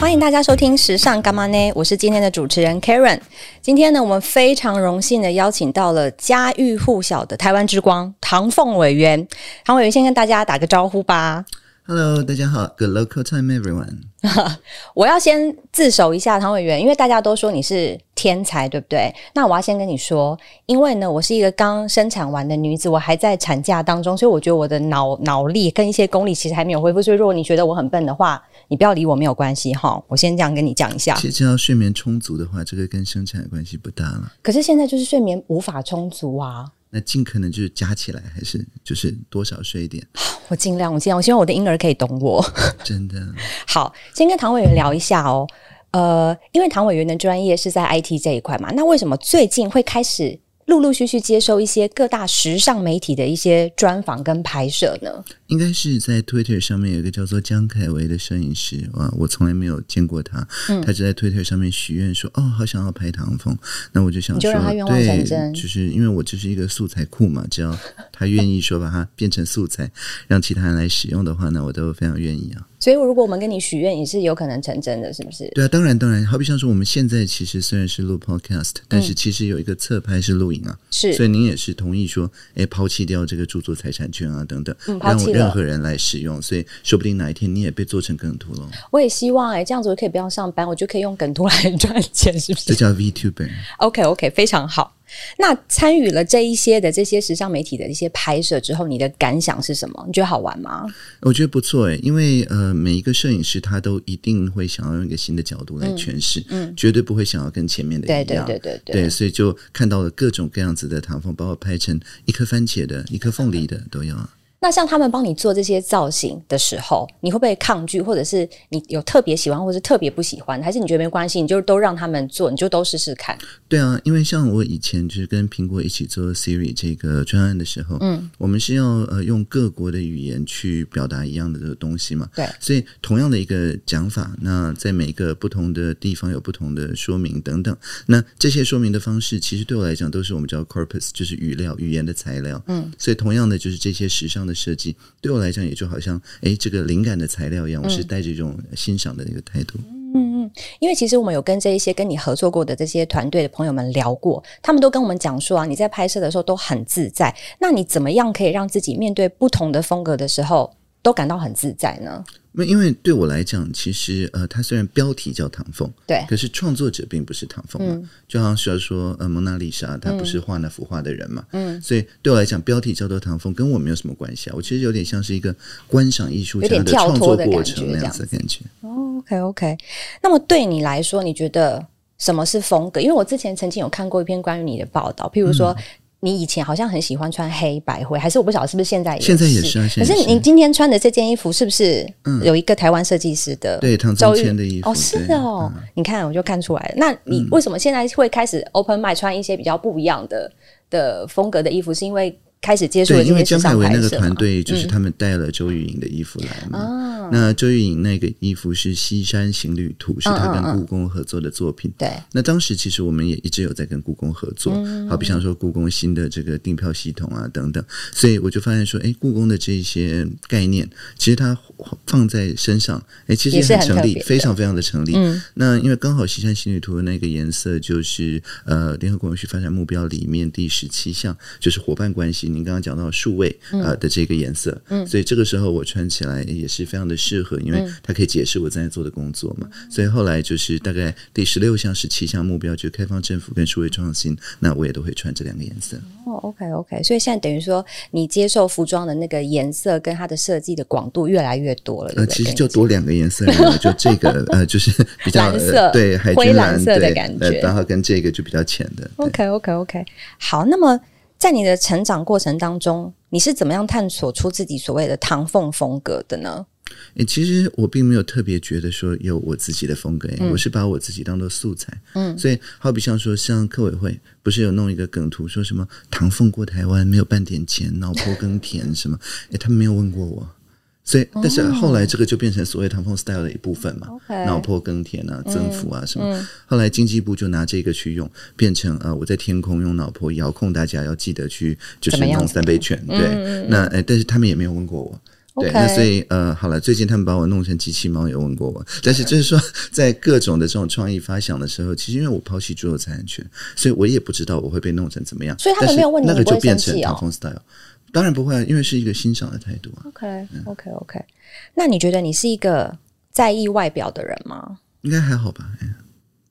歡迎大家收聽《時尚幹嘛呢》，我是今天的主持人 Karen。今天呢，我們非常榮幸的邀請到了家喻戶曉的台灣之光唐鳳委員。唐委員先跟大家打個招呼吧。Hello，大家好。Good local time, everyone。 我要先自首一下，唐委員，因為大家都說你是天才，對不對？那我要先跟你說，因為呢，我是一個剛生產完的女子，我還在產假當中，所以我覺得我的腦腦力跟一些功力其實還沒有恢復。所以如果你覺得我很笨的話，你不要理我沒有關係哈、哦。我先這樣跟你講一下。其實只要睡眠充足的話，這個跟生產關係不大了。可是現在就是睡眠無法充足啊。那盡可能就是加起來，還是就是多少睡一點。我盡量，我盡量，我希望我的嬰兒可以懂我。 真的。好，先跟唐委員聊一下哦。 呃，因為唐委員的專業是在 IT 這一塊嘛，那為什麼最近會開始陸陸續續接受一些各大時尚媒體的一些專訪跟拍攝呢？應該是在 Twitter 上面有一個叫做江凱維的攝影師啊，我從來沒有見過他。嗯、他就在 Twitter 上面許願說：“哦，好想要拍唐鳳。”那我就想說就他，對，就是因為我就是一個素材庫嘛，只要他願意說把它變成素材， 讓其他人來使用的話，那我都非常願意啊。所以，如果我們跟你許願，也是有可能成真的，是不是？對啊，當然，當然，好比像說我們現在其實雖然是錄 Podcast，嗯、但是其實有一個側拍是錄影啊，是，所以您也是同意說，哎、欸，拋棄掉這個著作財產權啊，等等、嗯，讓我。任何人來使用，所以說不定哪一天你也被做成梗圖了。我也希望哎、欸，這樣子我可以不用上班，我就可以用梗圖來賺錢，是不是？這叫 VTuber。OK OK，非常好。那參與了這一些的這些時尚媒體的一些拍攝之後，你的感想是什麼？你覺得好玩嗎？我覺得不錯哎、欸，因為呃，每一個攝影師他都一定會想要用一個新的角度來詮釋、嗯，嗯，絕對不會想要跟前面的一樣，對對對對對，對，對。所以就看到了各種各樣子的唐鳳，包括拍成一顆番茄的，一顆鳳梨的，嗯、都有。那像他們幫你做這些造型的時候，你會不會抗拒，或者是你有特別喜歡，或是特別不喜歡，還是你覺得沒關係，你就都讓他們做，你就都試試看？對啊，因為像我以前就是跟蘋果一起做 Siri 這個專案的時候，嗯，我們是要呃用各國的語言去表達一樣的東西嘛，對，所以同樣的一個講法，那在每一個不同的地方有不同的說明等等，那這些說明的方式，其實對我來講都是我們叫 corpus，就是語料、語言的材料，嗯，所以同樣的就是這些時尚。設計對我來講也就好像誒、欸、這個靈感的材料一樣，我是帶着一種欣賞的一個態度。嗯嗯，因為其實我們有跟這一些跟你合作過的這些團隊的朋友們聊過，他們都跟我們講說啊，你在拍攝的時候都很自在。那你怎麼樣可以讓自己面對不同的風格的時候都感到很自在呢？因為對我來講，其實呃，它雖然標題叫唐鳳，對，可是創作者並不是唐鳳嘛，嗯，就好像需要說呃，蒙娜麗莎她不是畫那幅畫的人嘛，嗯，所以對我來講，標題叫做唐鳳跟我沒有什麼關係啊。我其實有點像是一個觀賞藝術家的創作過程那樣子的感覺。感覺哦、OK OK，那麼對你來說，你覺得什麼是風格？因為我之前曾經有看過一篇關於你的報道，譬如說，嗯你以前好像很喜歡穿黑白灰，還是我不曉得是不是現在也是。現在也是啊。可是你今天穿的這件衣服是不是有一個台灣設計師的？嗯、對，周瑜的衣服哦，是的哦、嗯。你看，我就看出來了。那你為什麼現在會開始 open m mind 穿一些比較不一樣的的風格的衣服？是因為？開始接觸，對，因為姜泰唯那個團隊就是他們帶了周玉瑩的衣服來嘛。嗯哦、那周玉瑩那個衣服是《西山行旅圖》，是她跟故宮合作的作品嗯嗯嗯。對，那當時其實我們也一直有在跟故宮合作，好比像說故宮新的這個訂票系統啊等等，所以我就發現說，哎，故宮的這些概念，其實它放在身上，哎，其實也很成立很，非常非常的成立。嗯，那因為剛好《西山行旅圖》那個顏色就是呃聯合國可持續發展目標裡面第十七項，就是夥伴關係。您剛剛講到數位啊、嗯呃、的這個顏色，嗯，所以這個時候我穿起來也是非常的適合，嗯、因為它可以解釋我正在做的工作嘛、嗯嗯。所以後來就是大概第十六項十七項目標，就是開放政府跟數位創新，嗯、那我也都會穿這兩個顏色。哦，OK OK，所以現在等於說你接受服裝的那個顏色跟它的設計的廣度越來越多了，呃、對不對，其實就多兩個顏色， 就這個呃，就是比較、呃、對海軍藍色的感覺、呃，然後跟這個就比較淺的。OK OK OK，好，那麼。在你的成長過程當中，你是怎麼樣探索出自己所謂的唐鳳風格的呢？誒、欸，其實我並沒有特別覺得說有我自己的風格、欸，誒、嗯，我是把我自己當做素材，嗯，所以好比像說，像客委會不是有弄一個梗圖，說什麼唐鳳過台灣沒有半點錢，老婆耕田什麼？誒、 欸，他們沒有問過我。所以，但是後來這個就變成所謂唐鳳 style 的一部分嘛。嗯、腦波耕田啊、嗯，增幅啊什麼。嗯嗯、後來經濟部就拿這個去用，變成啊、呃，我在天空用腦波遙控大家，要記得去就是用三倍券、嗯。對，嗯、那誒、欸，但是他們也沒有問過我。嗯、對，okay, 那所以呃，好了，最近他們把我弄成機器貓也問過我，okay, 但是就是說在各種的這種創意發想的時候，其實因為我拋棄著作權，所以我也不知道我會被弄成怎麼樣。所以他有沒有問你那個就變成唐鳳 style、哦。當然不會啊，因為是一個欣賞的態度啊。OK，OK，OK、okay, 嗯。Okay, okay. 那你覺得你是一個在意外表的人嗎？應該還好吧。嗯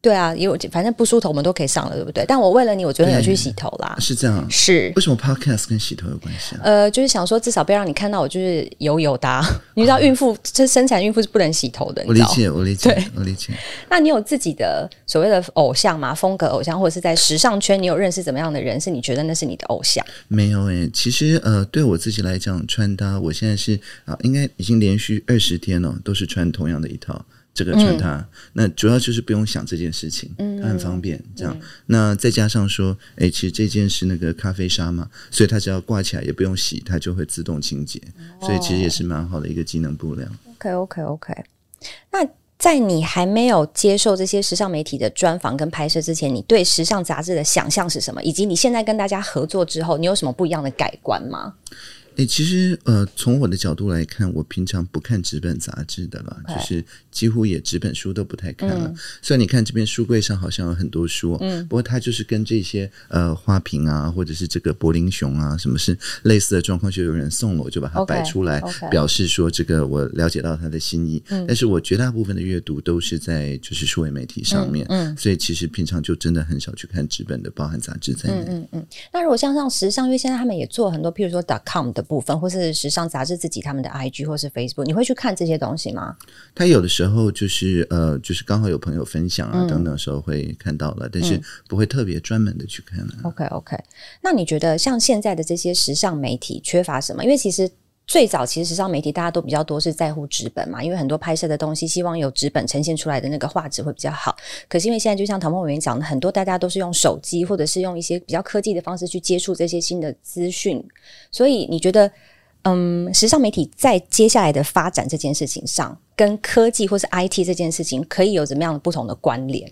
對啊，也有反正不梳頭我們都可以上了，對不對？但我為了你，我昨天有去洗頭啦。啊、是這樣，是為什麼 Podcast 跟洗頭有關係、啊？呃，就是想說，至少別讓你看到我就是油油的、啊。 你知道，孕婦這生產孕婦是不能洗頭的。我理解，我理解，我理解。理解 那你有自己的所謂的偶像嗎？風格偶像，或者是在時尚圈，你有認識怎麼樣的人？是你覺得那是你的偶像？沒有誒、欸，其實呃，對我自己來講，穿搭我現在是啊，應該已經連續二十天了、哦，都是穿同樣的一套。這個穿搭、嗯，那主要就是不用想這件事情，嗯，它很方便。嗯、這樣、嗯，那再加上說，哎、欸，其實這件是那個咖啡紗嘛，所以它只要掛起來也不用洗，它就會自動清潔，哦、所以其實也是蠻好的一個機能布料。哦、OK OK OK。那在你還沒有接受這些時尚媒體的專訪跟拍攝之前，你對時尚雜誌的想象是什麼？以及你現在跟大家合作之後，你有什麼不一樣的改觀嗎？哎、欸，其實呃，從我的角度來看，我平常不看紙本雜誌的啦，okay, 就是幾乎也紙本書都不太看了。嗯、雖然你看這邊書櫃上好像有很多書，嗯，不過它就是跟這些呃花瓶啊，或者是這個柏林熊啊，什麼是類似的狀況，就有人送了，我就把它擺出來，okay, okay, 表示說這個我了解到他的心意。嗯，但是我絕大部分的閱讀都是在就是數位媒體上面嗯，嗯，所以其實平常就真的很少去看紙本的，包含雜誌在裡面。嗯、嗯，嗯，那如果像上時尚，因為現在他們也做很多，譬如說 .com 的部分，或是時尚雜誌自己他們的 IG 或是 Facebook，你會去看這些東西嗎？他有的時候就是呃，就是剛好有朋友分享啊、嗯、等等的時候會看到了，但是不會特別專門的去看了、啊嗯。OK OK，那你覺得像現在的這些時尚媒體缺乏什麼？因為其實。最早其實時尚媒體大家都比較多是在乎紙本嘛，因為很多拍攝的東西希望有紙本呈現出來的那個畫質會比較好。可是因為現在就像唐鳳委員講的，很多大家都是用手機或者是用一些比較科技的方式去接觸這些新的資訊，所以你覺得，嗯，時尚媒體在接下來的發展這件事情上，跟科技或是 IT 這件事情可以有怎麼樣的不同的關聯？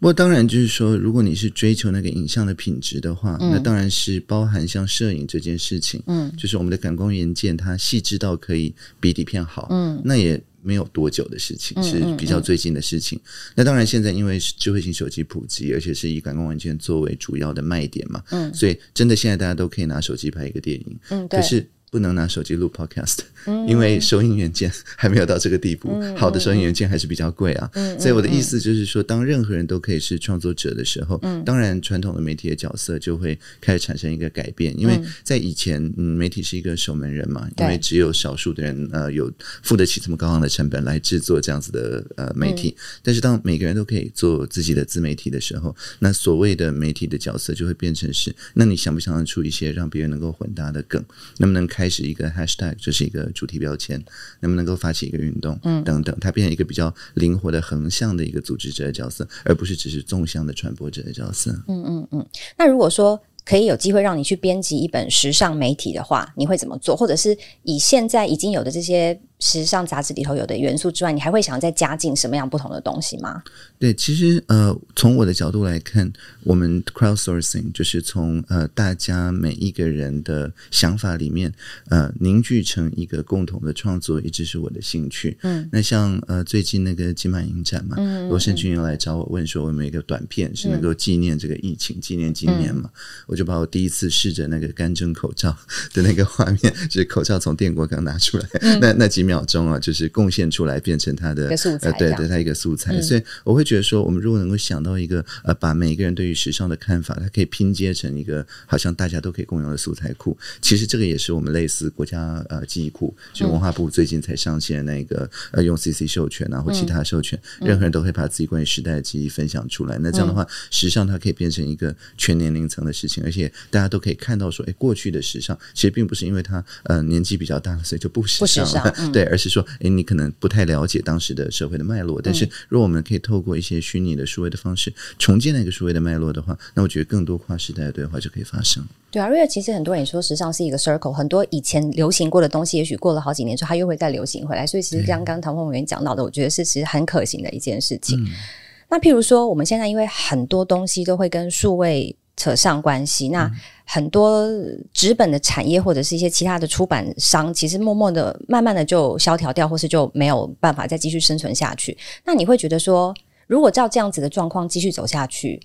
不過當然，就是說，如果你是追求那個影像的品質的話，嗯，那當然是包含像攝影這件事情，嗯，就是我們的感光元件它細緻到可以比底片好，嗯，那也沒有多久的事情，嗯，是比較最近的事情。嗯嗯，那當然，現在因為智慧型手機普及，而且是以感光元件作為主要的賣點嘛，嗯，所以真的現在大家都可以拿手機拍一個電影，嗯，對，可是。不能拿手機錄 Podcast，因為收音元件還沒有到這個地步，好的收音元件還是比較貴啊。所以我的意思就是說，當任何人都可以是創作者的時候，當然傳統的媒體的角色就會開始產生一個改變。因為在以前，嗯，媒體是一個守門人嘛，因為只有少數的人呃有付得起這麼高昂的成本來制作這樣子的呃媒體。但是當每個人都可以做自己的自媒體的時候，那所謂的媒體的角色就會變成是：那你想不想得出一些讓別人能夠混搭的梗？能不能看？開始一個 hashtag，就是一個主題標籤，能不能夠發起一個運動，嗯，等等，它變成一個比較靈活的橫向的一個組織者的角色，而不是只是縱向的傳播者的角色。嗯嗯嗯。那如果說可以有機會讓你去編輯一本時尚媒體的話，你會怎麼做？或者是以現在已經有的這些？時尚雜誌裡頭有的元素之外，你還會想再加進什麼樣不同的東西嗎？對，其實呃，從我的角度來看，我們 crowd sourcing 就是從呃大家每一個人的想法裡面呃凝聚成一個共同的創作，一直是我的興趣。嗯，那像呃最近那個金馬影展嘛，嗯嗯、羅申駿又來找我問說，我們有一個短片是能夠紀念這個疫情，嗯、紀念今年嘛、嗯，我就把我第一次試着那個乾蒸口罩的那個畫面， 就是口罩從電鍋剛拿出來，嗯、那那幾秒鐘啊，就是貢獻出來變成它的、呃、對對，它一個素材、嗯。所以我會覺得說，我們如果能夠想到一個呃，把每一個人對於時尚的看法，它可以拼接成一個好像大家都可以共用的素材庫。其實這個也是我們類似國家呃記憶庫，就文化部最近才上線那個、嗯、呃用 CC 授權然後其他授權，嗯、任何人都可以把自己關於時代的記憶分享出來、嗯。那這樣的話，時尚它可以變成一個全年齡層的事情，而且大家都可以看到說，哎，過去的時尚其實並不是因為它呃年紀比較大，所以就不時尚了。對，而是說，誒，你可能不太了解當時的社會的脈絡，但是如果我們可以透過一些虛擬的數位的方式重建那個數位的脈絡的話，那我覺得更多跨時代的對話就可以發生了。對啊，瑞爾，其實很多人也說時尚是一個 circle，很多以前流行過的東西，也許過了好幾年之後，它又會再流行回來。所以其實剛剛唐鳳委員講到的，我覺得是其實很可行的一件事情。嗯、那譬如說，我們現在因為很多東西都會跟數位。扯上關係，那很多紙本的產業或者是一些其他的出版商，其實默默的、慢慢的就蕭條掉，或是就沒有辦法再繼續生存下去。那你會覺得說，如果照這樣子的狀況繼續走下去，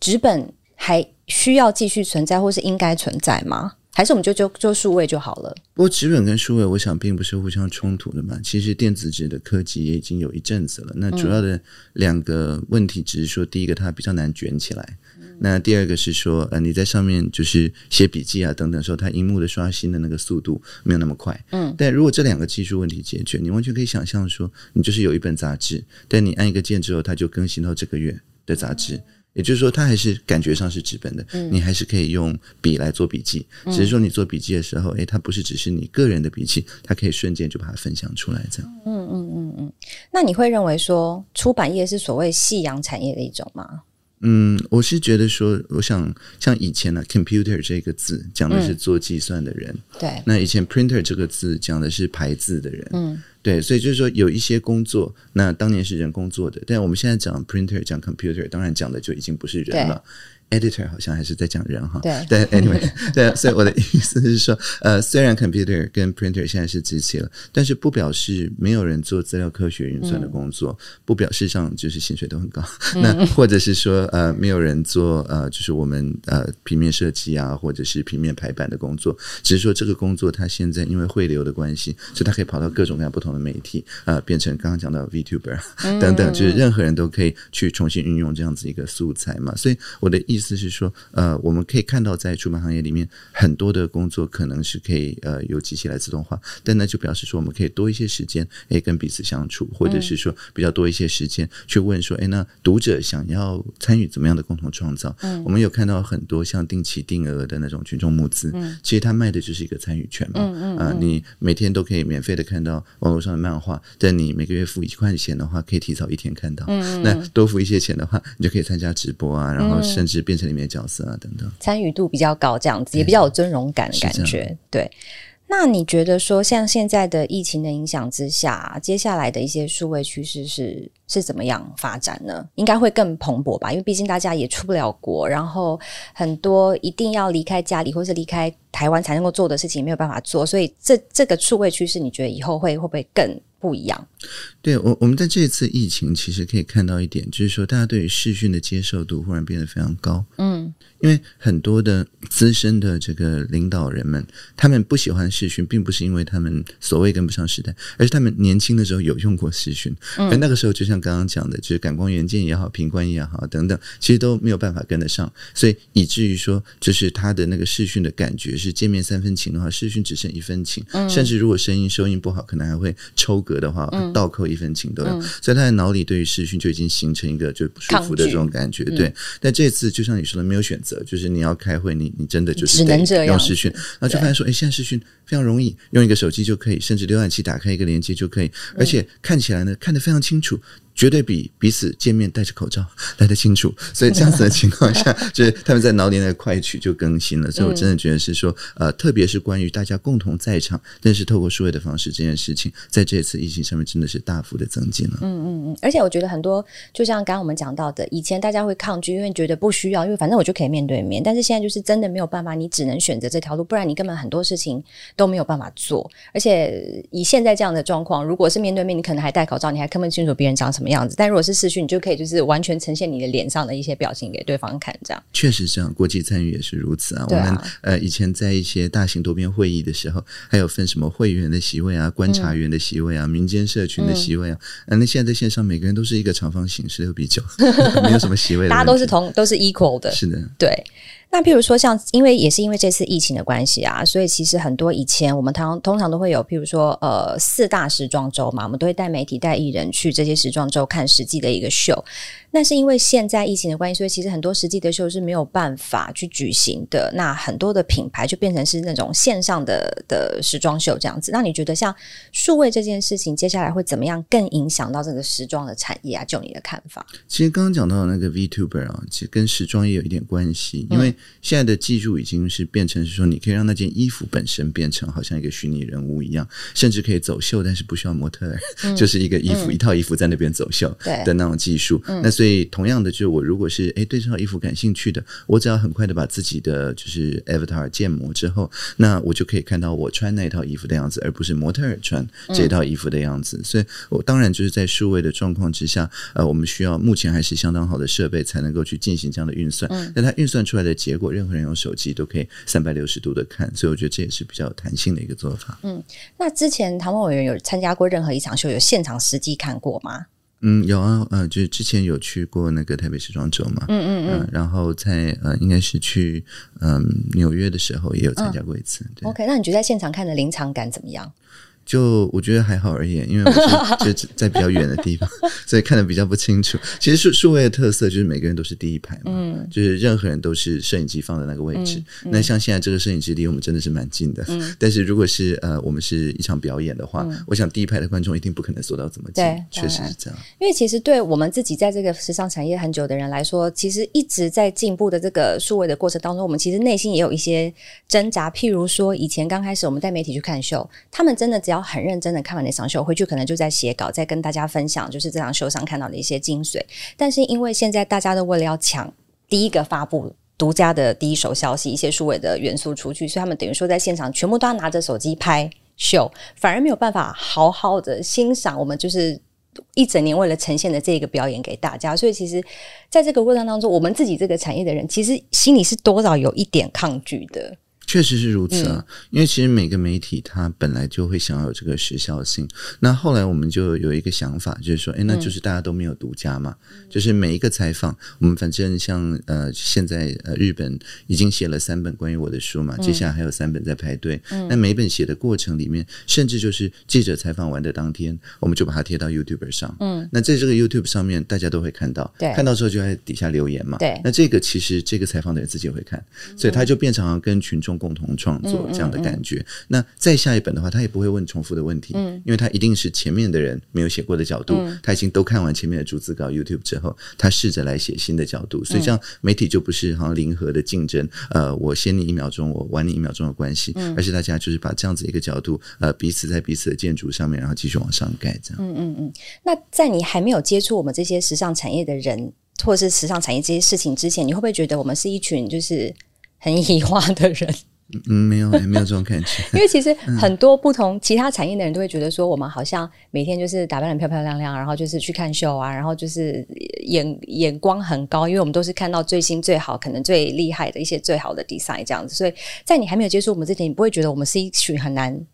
紙本還需要繼續存在，或是應該存在嗎？還是我們就就就數位就好了？不過紙本跟數位，我想並不是互相衝突的嘛。其實電子紙的科技也已經有一陣子了，那主要的兩個問題只是說，第一個它比較難捲起來。那第二個是說，呃，你在上面就是寫筆記啊等等的時候，它熒幕的刷新的那個速度沒有那麼快。嗯。但如果這兩個技術問題解決，你完全可以想象說，你就是有一本雜誌，但你按一個鍵之後，它就更新到這個月的雜誌。也就是說，它還是感覺上是紙本的，你還是可以用筆來做筆記，只是說你做筆記的時候，誒，它不是只是你個人的筆記，它可以瞬間就把它分享出來，這樣嗯。嗯嗯嗯嗯。那你會認為說，出版業是所謂夕陽產業的一種嗎？嗯，我是覺得說，我想像以前呢、啊，computer 這個字講的是做計算的人，嗯，對，那以前 printer 這個字講的是排字的人，嗯，對，所以就是說有一些工作，那當年是人工作的，但我們現在講 printer 講 computer，當然講的就已經不是人了。editor 好像還是在講人哈，對，anyway，對，所以我的意思是說，呃，雖然 computer 跟 printer 現在是機器了但是不表示沒有人做資料科學運算的工作，嗯，不表示上就是薪水都很高，嗯，那或者是說呃沒有人做呃就是我們呃平面設計啊或者是平面排版的工作，只是說這個工作它現在因為匯流的關係，所以它可以跑到各種各樣不同的媒體呃，變成剛剛講到 VTuber，嗯，等等，就是任何人都可以去重新運用這樣子一個素材嘛，所以我的意。意思是說，呃，我們可以看到，在出版行業裡面，很多的工作可能是可以呃由機器來自動化，但那就表示說，我們可以多一些時間，哎，跟彼此相處，或者是說比較多一些時間去問說，嗯、誒，那讀者想要參與怎麼樣的共同創造、嗯。我們有看到很多像定期定額的那種群眾募資，嗯、其實他賣的就是一個參與權嘛、嗯嗯嗯。啊，你每天都可以免費的看到網絡上的漫畫，但你每個月付一塊錢的話，可以提早一天看到。嗯嗯、那多付一些錢的話，你就可以參加直播啊，然後甚至。變成裡面的角色啊，等等，參與度比較高，這樣子、欸、也比較有尊榮感的感覺。對，那你覺得說，像現在的疫情的影響之下，接下來的一些數位趨勢是是怎麼樣發展呢？應該會更蓬勃吧，因為畢竟大家也出不了國，然後很多一定要離開家裡或是離開台灣才能夠做的事情，沒有辦法做，所以這這個數位趨勢，你覺得以後會會不會更不一樣？對我，我們在這次疫情，其實可以看到一點，就是說，大家對於視訊的接受度忽然變得非常高。嗯，因為很多的資深的這個領導人們，他們不喜歡視訊，並不是因為他們所謂跟不上時代，而是他們年輕的時候有用過視訊，而、嗯、那個時候就像剛剛講的，就是感光元件也好，頻寬也好等等，其實都沒有辦法跟得上，所以以至於說，就是他的那個視訊的感覺是見面三分情的話，視訊只剩一分情，嗯、甚至如果聲音收音不好，可能還會抽格的話。嗯倒扣一分情都有，嗯、所以他的腦裡，對於視訊就已經形成一個就不舒服的這種感覺。對、嗯，但這次就像你說的，沒有選擇，就是你要開會你，你你真的就是得用視訊，然後就發現說，哎、欸，現在視訊非常容易，用一個手機就可以，甚至瀏覽器打開一個連接就可以，而且看起來呢，嗯、看得非常清楚。絕對比彼此見面戴着口罩來得清楚，所以這樣子的情況下， 就是他們在腦裡的快取就更新了。所以，我真的覺得是說，呃，特別是關於大家共同在場，但是透過數位的方式，這件事情在這次疫情上面真的是大幅的增進了。嗯嗯嗯，而且我覺得很多，就像剛剛我們講到的，以前大家會抗拒，因為覺得不需要，因為反正我就可以面對面。但是現在就是真的沒有辦法，你只能選擇這條路，不然你根本很多事情都沒有辦法做。而且以現在這樣的狀況，如果是面對面，你可能還戴口罩，你還看不清楚別人長什麼。樣子，但如果是視訊，你就可以就是完全呈現你的臉上的一些表情給對方看，這樣確實這樣，國際參與也是如此啊。啊我們呃以前在一些大型多邊會議的時候，還有分什麼會員的席位啊、觀察員的席位啊、嗯、民間社群的席位啊、嗯、啊，那現在在線上，每個人都是一個長方形十六比九， 沒有什麼席位， 大家都是同都是 equal 的，是的，對。那譬如說像，因為也是因為這次疫情的關係啊，所以其實很多以前我們通常通常都會有，譬如說呃四大時裝周嘛，我們都會帶媒體帶藝人去這些時裝周看實際的一個秀。那是因為現在疫情的關係，所以其實很多實際的秀是沒有辦法去舉行的。那很多的品牌就變成是那種線上的的時裝秀這樣子。那你覺得像數位這件事情，接下來會怎麼樣更影響到這個時裝的產業啊？就你的看法？其實剛剛講到的那個 VTuber 啊，其實跟時裝也有一點關係，因為，嗯現在的技術已經是變成是說，你可以讓那件衣服本身變成好像一個虛擬人物一樣，甚至可以走秀，但是不需要模特兒，嗯、 就是一個衣服、嗯、一套衣服在那邊走秀的那種技術。那所以同樣的，就是我如果是哎對這套衣服感興趣的，我只要很快的把自己的就是 avatar 建模之後，那我就可以看到我穿那套衣服的樣子，而不是模特兒穿這套衣服的樣子。嗯、所以，我當然就是在數位的狀況之下，呃，我們需要目前還是相當好的設備才能夠去進行這樣的運算。嗯、那它運算出來的。結果，任何人用手機都可以三百六十度的看，所以我覺得這也是比較有彈性的一個做法。嗯，那之前唐鳳委員有參加過任何一場秀，有現場實際看過嗎？嗯，有啊，嗯、呃，就是之前有去過那個台北時裝周嘛，嗯嗯嗯，呃、然後在呃，應該是去嗯，紐、呃、約的時候也有參加過一次、嗯對。OK，那你覺得在現場看的臨場感怎麼樣？就我覺得還好而已，因為我是就在比較遠的地方， 所以看得比較不清楚。其實數數位的特色就是每個人都是第一排嘛，嗯、就是任何人都是攝影機放在那個位置，嗯嗯。那像現在這個攝影機離我們真的是蠻近的，嗯、但是如果是呃我們是一場表演的話，嗯，我想第一排的觀眾一定不可能坐到這麼近，確實是這樣。因為其實對我們自己在這個時尚產業很久的人來說，其實一直在進步的這個數位的過程當中，我們其實內心也有一些掙扎。譬如說，以前剛開始我們帶媒體去看秀，他們真的只要然後很認真的看完那場秀，回去可能就在寫稿，在跟大家分享就是這場秀上看到的一些精髓。但是因為現在大家都為了要搶第一個發布獨家的第一手消息，一些數位的元素出去，所以他們等於說在現場全部都要拿着手機拍秀，反而沒有辦法好好的欣賞我們就是一整年為了呈現的這個表演給大家。所以其實在這個過程當中，我們自己這個產業的人，其實心裡是多少有一點抗拒的。確實是如此啊、嗯，因為其實每個媒體它本來就會想要有這個時效性。那後來我們就有一個想法，就是說，哎，那就是大家都沒有獨家嘛，嗯、就是每一個採訪，我們反正像呃，現在呃，日本已經寫了三本關於我的書嘛，接下來還有三本在排隊。嗯、那每本寫的過程裡面，甚至就是記者採訪完的當天，我們就把它貼到 YouTube 上。嗯，那在這個 YouTube 上面，大家都會看到，對，看到之後就在底下留言嘛。對，那這個其實這個採訪的人自己會看，嗯、所以他就變成了跟群眾共同創作這樣的感覺、嗯嗯嗯，那再下一本的話，他也不會問重複的問題，嗯，因為他一定是前面的人沒有寫過的角度、嗯，他已經都看完前面的逐字稿 YouTube 之後，他試着來寫新的角度，所以這樣媒體就不是好像零和的競爭、嗯，呃，我先你一秒鐘，我晚你一秒鐘的關係、嗯，而是大家就是把這樣子一個角度，呃，彼此在彼此的建築上面，然後繼續往上蓋，這樣，嗯嗯嗯。那在你還沒有接觸我們這些時尚產業的人，或者是時尚產業這些事情之前，你會不會覺得我們是一群就是？很異化的人，嗯，沒有、欸，沒有這種感覺。 因為其實很多不同其他產業的人都會覺得說，我們好像每天就是打扮的漂漂亮亮，然後就是去看秀啊，然後就是眼眼光很高，因為我們都是看到最新最好、可能最厲害的一些最好的 design 這樣子。所以，在你還沒有接觸我們之前，你不會覺得我們是一群很難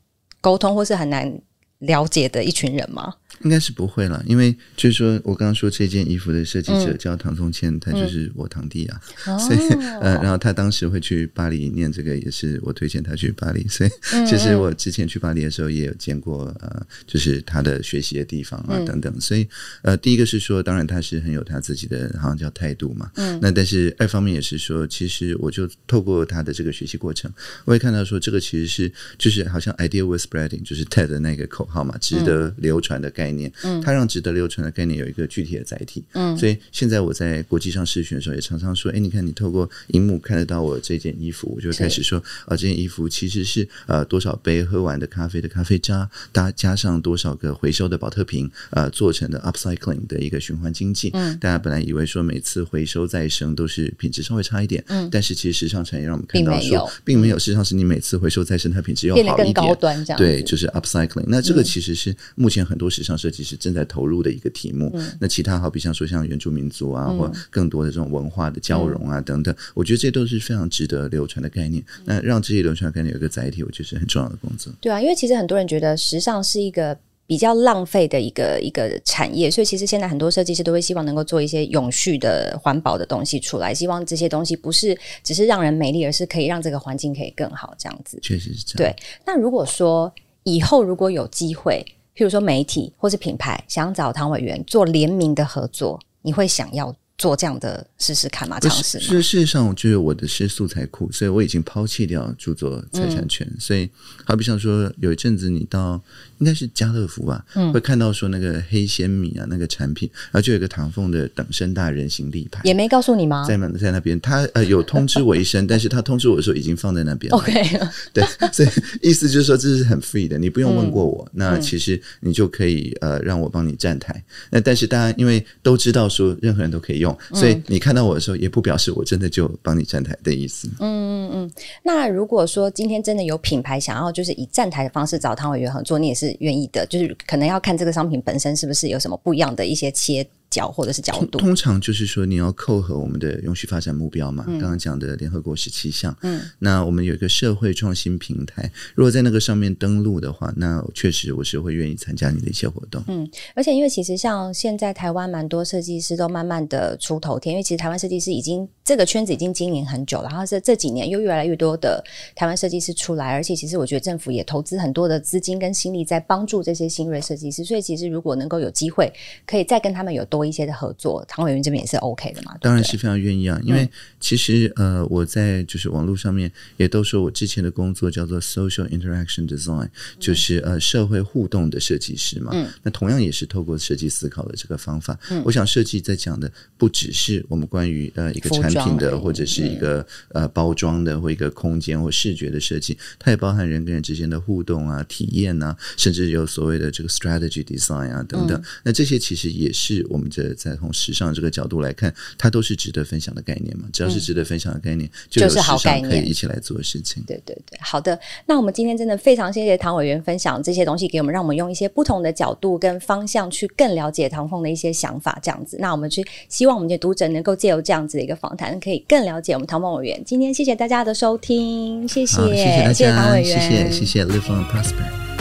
溝通或是很難。了解的一群人嗎？應該是不會了，因為就是說我剛剛說這件衣服的設計者叫唐宋謙，嗯、他就是我堂弟啊，嗯、所以、哦、呃，然後他當時會去巴黎念這個，也是我推薦他去巴黎。所以、嗯、其實我之前去巴黎的時候也有見過，呃，就是他的學習的地方啊、嗯、等等。所以呃，第一個是說，當然他是很有他自己的好像叫態度嘛，嗯，那但是二方面也是說，其實我就透過他的這個學習過程，我也看到說這個其實是就是好像 idea was spreading，就是 TED 的那個口。好嘛，值得流傳的概念，嗯，它讓值得流傳的概念有一個具體的載體，嗯，所以現在我在國際上視訊的時候，也常常說，哎、欸，你看你透過熒幕看得到我這件衣服，我就會開始說，啊，這件衣服其實是呃多少杯喝完的咖啡的咖啡渣，加加上多少個回收的保特瓶，呃，做成的 upcycling 的一個循環經濟，嗯，大家本來以為說每次回收再生都是品質稍微差一點，嗯，但是其實時尚產業讓我們看到說並，並沒有，事實上是你每次回收再生，它品質要好一點變得更高端，對，就是 upcycling，嗯、那這個。這其實是目前很多時尚設計師正在投入的一個題目。嗯、那其他，好比像說像原住民族啊、嗯，或更多的這種文化的交融啊等等，嗯、我覺得這都是非常值得流傳的概念。嗯、那讓這些流傳的概念有一個載體，我覺得是很重要的工作。對啊，因為其實很多人覺得時尚是一個比較浪費的一個一個產業，所以其實現在很多設計師都會希望能夠做一些永續的環保的東西出來，希望這些東西不是只是讓人美麗，而是可以讓這個環境可以更好這樣子。確實是這樣。對，那如果說。以後如果有機會，譬如說媒體或是品牌，想找唐委員做聯名的合作，你會想要？做這樣的試試看嘛，嘗試。是事實上，我覺得我的是素材庫，所以我已經拋棄掉著作財產權。嗯、所以，好比像說有一陣子，你到應該是家樂福吧，嗯，會看到說那個黑仙米啊，那個產品，然後就有一個唐鳳的等身大人形立牌，也沒告訴你嗎？在在那邊，他呃有通知我一聲， 但是他通知我的時候已經放在那邊。OK， 對，所以意思就是說，這是很 free 的，你不用問過我，嗯、那其實你就可以呃讓我幫你站台。那但是大家因為都知道說任何人都可以。用，所以你看到我的時候，也不表示我真的就幫你站台的意思。嗯嗯嗯，那如果說今天真的有品牌想要就是以站台的方式找唐委員合作，你也是願意的，就是可能要看這個商品本身是不是有什麼不一樣的一些切角或者是角度通，通常就是說，你要扣合我們的永續發展目標嘛，剛剛講的聯合國十七項。嗯，那我們有一個社會創新平台，如果在那個上面登錄的話，那確實我是會願意參加你的一些活動。嗯，而且因為其實像現在台灣蠻多設計師都慢慢的出頭天，因為其實台灣設計師已經這個圈子已經經營很久了，然後這這幾年又越來越多的台灣設計師出來，而且其實我覺得政府也投資很多的資金跟心力在幫助這些新銳設計師，所以其實如果能夠有機會可以再跟他們有多一些的合作，唐委員這邊也是 OK 的嘛，對不對？當然是非常願意啊！因為其實、嗯、呃，我在就是網路上面也都說，我之前的工作叫做 social interaction design，、嗯、就是呃社會互動的設計師嘛。嗯，那同樣也是透過設計思考的這個方法。嗯，我想設計在講的不只是我們關於呃一個產品的、欸、或者是一個、嗯、呃包裝的或一個空間或視覺的設計，它也包含人跟人之間的互動啊、體驗啊，甚至有所謂的這個 strategy design 啊，等等、嗯。那這些其實也是我們。在在從時尚這個角度來看，它都是值得分享的概念嘛？只要是值得分享的概念，嗯、就是時尚可以一起來做的事情、就是。對對對，好的。那我們今天真的非常謝謝唐委員分享這些東西給我們，讓我們用一些不同的角度跟方向去更了解唐鳳的一些想法。這樣子，那我們去希望我們的讀者能夠借由這樣子的一個訪談，可以更了解我們唐鳳委員。今天謝謝大家的收聽，謝謝謝謝，謝謝唐委員，謝謝 Live on Prosper。謝謝